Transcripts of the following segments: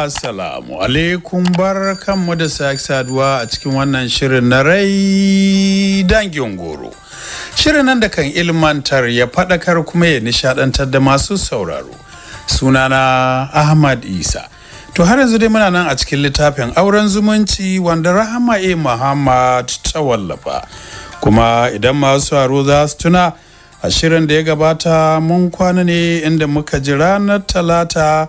Assalamu alaikum bar kanmu da sake saduwa a cikin wannan shirin na rai dangin goro. Shirin nan da kan ilmantar ya faɗakar kuma ya nishadantar da masu sauraro. Sunana Ahmad Isa. To har yanzu dai muna nan a cikin littafin auren zumunci wanda Rahama E. Muhammad ta wallafa. Kuma idan masu haro za su tuna a shirin da ya gabata mun kwana ne inda muka ji ranar talata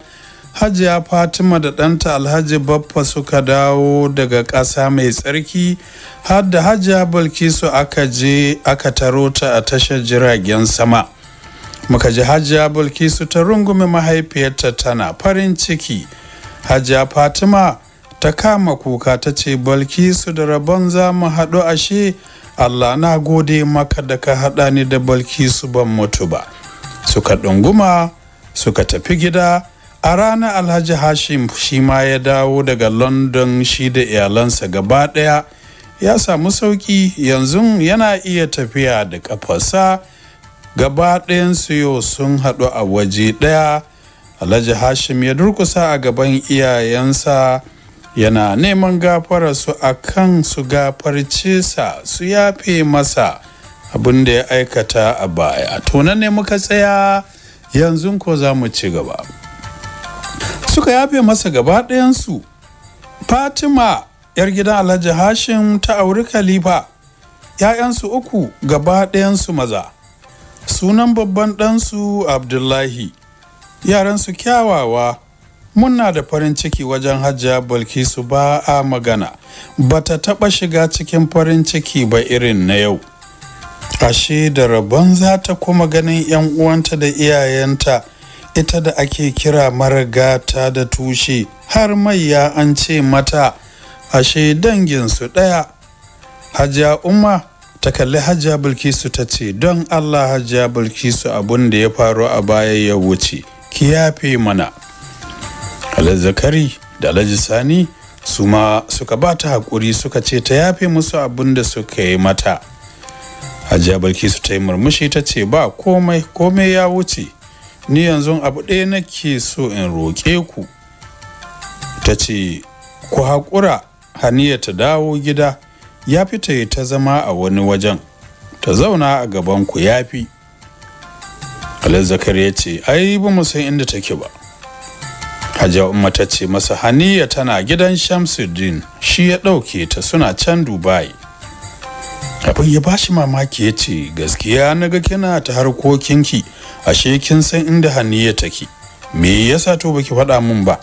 hajiya fatima da ɗanta alhaji baffa suka dawo daga ƙasa mai tsarki har da hajiya balkisu aka je aka taro ta a tashar jiragen sama muka ji hajiya balkisu ta rungume mahaifiyarta tana farin ciki hajiya fatima ta kama kuka ta ce balkisu da rabon za mu haɗu ashe allah na gode maka da ka haɗa ni da balkisu ban mutu ba suka ɗunguma suka tafi gida a ranar alhaji hashim shi ma ya dawo daga london shi da iyalansa gaba daya ya samu sauki yanzu yana iya tafiya da kafarsa gaba ɗayan yau sun haɗu a waje ɗaya alhaji hashim ya durkusa a gaban iyayensa yana neman gafararsu a kan su gafarce sa su yafe masa abin da ya aikata a baya to ne muka tsaya yanzu ko za mu ci gaba suka yafe masa gaba ɗayansu fatima yar gidan alhaji hashim ta auri khalifa ‘ya'yansu uku gaba ɗayansu maza sunan babban ɗansu abdullahi yaransu kyawawa muna da farin ciki wajen hajjiya balkisu ba a magana ba ta taɓa shiga cikin farin ciki ba irin na yau ashe da rabon za ta kuma ganin 'yan uwanta da iyayenta ita da ake kira ta da tushe har maiya an ce mata ashe danginsu ɗaya hajiya umma ta kalli hajiya bilkisu ta ce don allah hajiya bilkisu abun da ya faru a baya ya wuce ki yafe mana alhaji da alhaji sani su ma suka ba ta haƙuri suka ce ta yafe musu abun da suka yi mata hajiya bilkisu ta yi murmushi ta ce ba komai komai ya wuce ni yanzu abu ɗaya nake so in roƙe ku ta ce ku haƙura haniya ta dawo gida ya fi ta yi ta zama a wani wajen ta zauna a gaban ku ya fi zakar ya ce ai ba mu san inda take ba hajiya umma ta ce masa haniya tana gidan shamsuddin shi ya ɗauke ta suna can dubai abin ya bashi mamaki ya ce gaskiya na ga kina ta harkokinki ashe kin san inda haniya take me yasa to baki faɗa min ba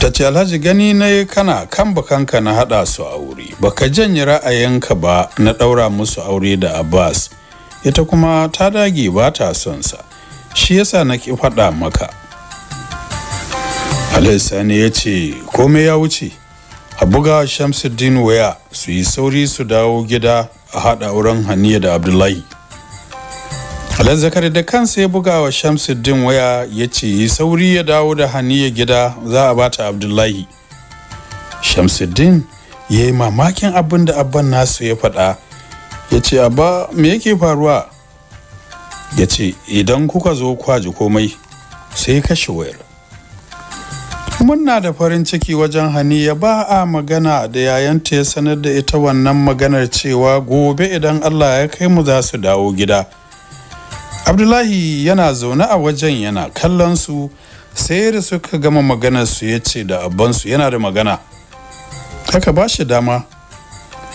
ta ce alhaji gani na kana kan bakanka na haɗa su aure baka janye ra'ayinka ba na ɗaura musu aure da abbas ita kuma ta dage ba ta son sa shi yasa na ki faɗa maka alhassani ya ce komai ya wuce a buga shamsuddin waya su yi sauri su dawo gida a haɗa auren haniya da abdullahi Alan Zakari da kansa ya buga wa Shamsuddin waya ya ce sauri ya dawo da Haniya gida za a bata Abdullahi. Shamsuddin ya yi mamakin abin da abban nasu ya faɗa ya ce abba me yake faruwa ya ce idan kuka zo kwaji komai sai kashe wayar. Muna da farin ciki wajen Haniya ba a magana da yayanta ya sanar da ita wannan maganar cewa gobe idan Allah ya kai mu za su dawo gida. abdullahi yana zaune a wajen yana kallon su sai da suka gama magana su ya ce da abansu yana da magana haka ba shi dama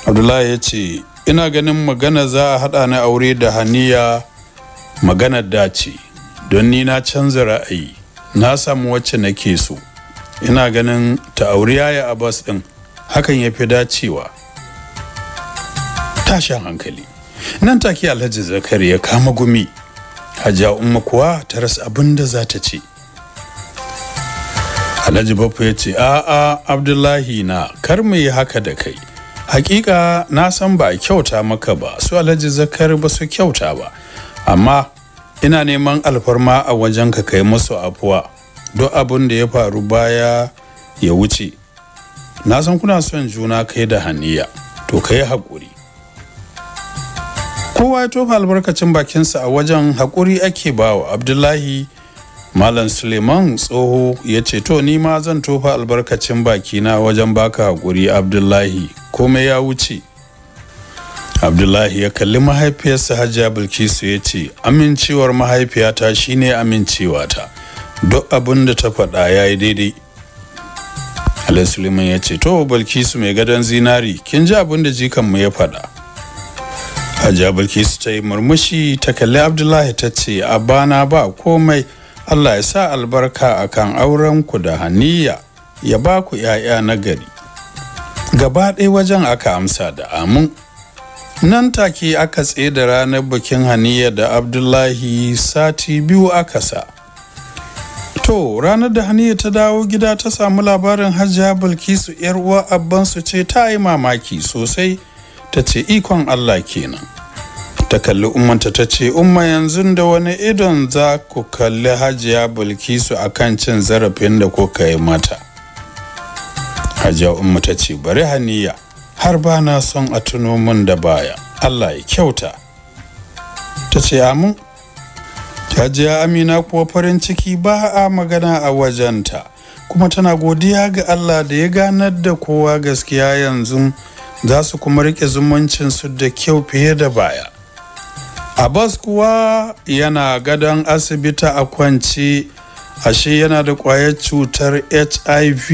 abdullahi ya ce ina ganin magana za a haɗa na aure da haniya magana dace don ni na canza ra'ayi na samu wacce nake so ina ganin ta aure yaya abbas ɗin hakan ya fi dacewa tashin hankali nan take alhaji zakari ya kama gumi hajiya umma kuwa ta rasa abin da za ta ce alhaji Bafu ya ce a'a abdullahi na kar mu yi haka da kai hakika na san ba kyauta maka ba su alhaji zakar ba su kyauta ba amma ina neman alfarma a wajen ka kai musu afuwa duk abin da ya faru baya ya wuce na san kuna son juna kai da haniya to kai haƙuri kowa ya tofa albarkacin bakinsa a wajen haƙuri ake bawa abdullahi malam suleiman tsoho ya ce to ni ma zan tofa albarkacin bakina wajen baka haƙuri abdullahi komai ya wuce abdullahi ya kalli mahaifiyarsa hajiya bilkisu ya ce amincewar mahaifiyata shine amincewata duk abin da ta faɗa ya yi daidai alai suleiman ya ce to bilkisu mai gadon zinari kin ji abin da jikanmu ya faɗa hajiya bilkisu ta yi murmushi ta kalli abdullahi ta ce a bana ba komai allah ya sa albarka akan auren ku da haniya ya ba ku 'ya'ya na gari gaba ɗaya wajen aka amsa da amin nan take aka tsaye da ranar bikin haniya da abdullahi sati biyu aka sa to ranar da haniya ta dawo gida ta samu labarin hajiya bilkisu 'yar uwa abbansu ce ta yi mamaki sosai ta ce ikon Allah kenan ta kalli ummanta ta ce umma yanzu da wani idon za ku kalli hajiya bulkisu a kan cin zarafin da kuka yi mata hajiya umma ta ce bari haniya har ba na son a tuno min da baya Allah ya kyauta ta ce amin hajiya amina kuwa farin ciki ba a magana a wajenta kuma tana godiya ga Allah da ya ganar da kowa gaskiya yanzu za su kuma rike su da kyau fiye da baya abbas kuwa yana gadon asibita a kwanci ashe yana da kwayar cutar hiv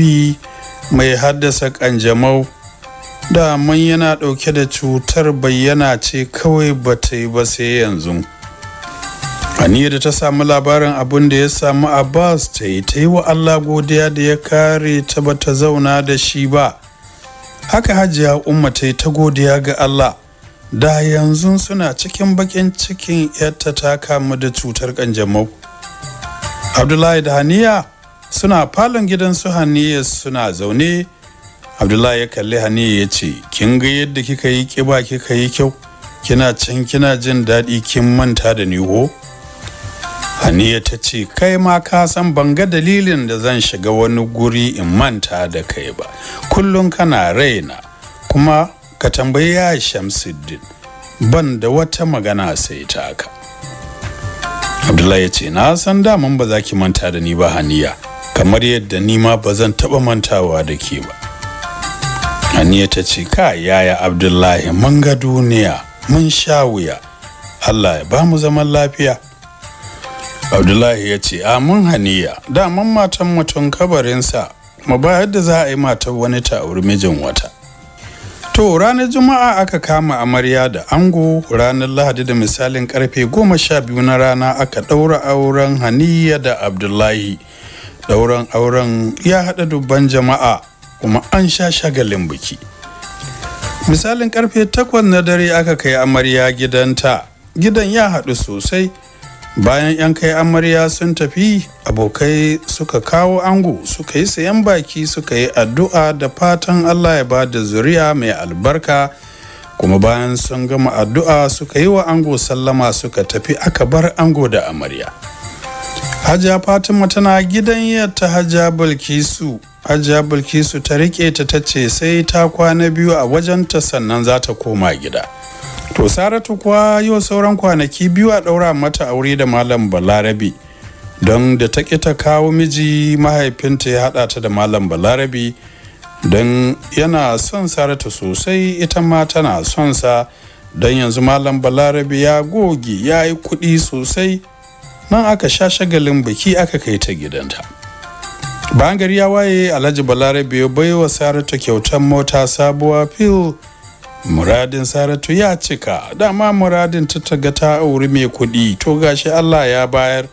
mai haddasa kanjamau daman yana dauke da cutar bayyana ce kawai ba ta yi ba sai yanzu aniyar da ta samu labarin abin da ya samu abbas ta yi ta yi wa allah godiya da ya kare ta ba ta zauna da shi ba haka hajiya umma ta ta godiya ga allah da yanzu suna cikin bakin cikin yadda ta kamu da cutar kanjamau abdullahi da haniya suna falon gidan su haniya suna zaune abdullahi ya kalli haniya ya ce kin ga yadda kika yi kiba kika yi kyau kina can kina jin daɗi kin manta da niho?" ho haniya ta ce kai ma ka san ban ga dalilin da zan shiga wani guri in manta da kai ba kullum kana raina kuma ka tambayi ya shamsuddin ban da wata magana sai taka abdullahi ya ce na san daman ba za ki manta da ni ba haniya kamar yadda ni ma ba zan taɓa mantawa da ke ba haniya ta ce ka yaya abdullahi mun ga duniya mun sha wuya allah ya ba mu zaman lafiya abdullahi ya ce amin haniya daman matan mutum kabarinsa mu ba yadda za a yi matan wani ta auri mijin wata to ranar juma'a aka kama amarya da ango ranar lahadi da misalin karfe goma sha biyu na rana aka ɗaura auren haniya da abdullahi ɗauran auren ya haɗa dubban jama'a kuma an sha shagalin biki misalin karfe takwas na dare aka kai amarya gidanta gidan ya haɗu sosai bayan 'yan kai amarya sun tafi abokai suka kawo ango suka yi sayan baki suka yi addu'a da fatan allah ya ba da zuriya mai albarka kuma bayan sun gama addu'a suka yi wa ango sallama suka tafi aka bar ango da amarya hajiya fatima tana gidan yadda hajiya bilkisu hajiya bilkisu ta riƙe ta ta ce sai ta kwana biyu a wajenta sannan za ta koma gida to saratu kuwa yau sauran kwanaki biyu a ɗaura mata aure da malam Balarabi don da ta ta kawo miji mahaifinta ya haɗa ta da malam Balarabi don yana son saratu sosai ita ma tana son sa don yanzu malam Balarabi ya goge ya yi kuɗi sosai nan aka sha shagalin biki aka kai ta gidanta bangar ya waye alhaji Balarabi ya baiwa saratu kyautar mota sabuwa fil muradin saratu ya cika dama muradin ta taga ta auri mai kuɗi to gashi allah ya bayar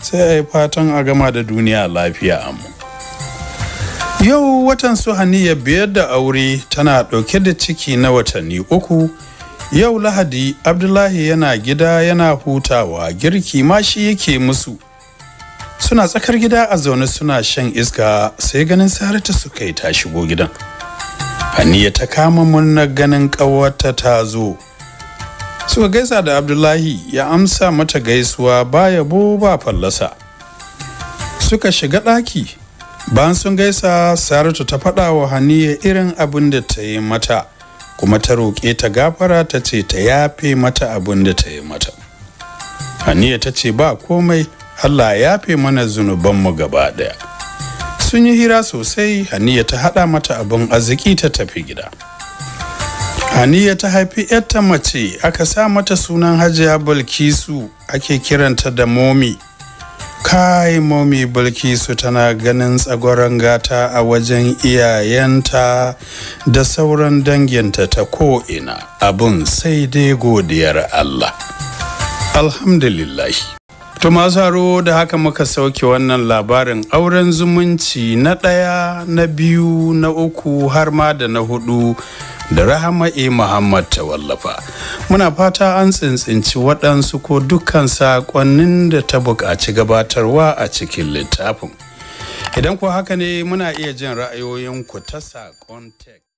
sai a yi fatan a gama da duniya lafiya amma yau watan su haniya biyar da aure tana ɗauke da ciki na watanni uku yau lahadi abdullahi yana gida yana hutawa girki ma shi yake musu suna tsakar gida a zaune suna shan iska sai ganin saratu suka yi ta shigo gidan haniya ta kama munna ganin ƙawarta ta zo suka gaisa da abdullahi ya amsa mata gaisuwa ba yabo ba fallasa suka shiga ɗaki Ban sun gaisa saratu ta faɗa wa haniya irin abin da ta yi mata kuma ta roƙe ta gafara ta ce ta yafe mata abin da ta yi mata haniya ta ce ba komai allah ya yafe mana zunubanmu gaba ɗaya sun yi hira sosai haniya ta haɗa mata abin arziki ta tafi gida haniya ta haifi yarta mace aka sa mata sunan hajiya balkisu ake kiranta da momi kai momi bilkisu tana ganin tsagoron gata a wajen iyayenta da sauran danginta ta ko'ina abun sai dai godiyar allah alhamdulillahi To masu da haka muka sauke wannan labarin auren zumunci na ɗaya na biyu na uku har ma da na hudu da rahama e muhammad ta wallafa muna fata an tsintsinci waɗansu ko dukkan saƙonnin da ta buƙaci gabatarwa a cikin littafin idan ko haka ne muna iya jin ra'ayoyinku ta saƙon tek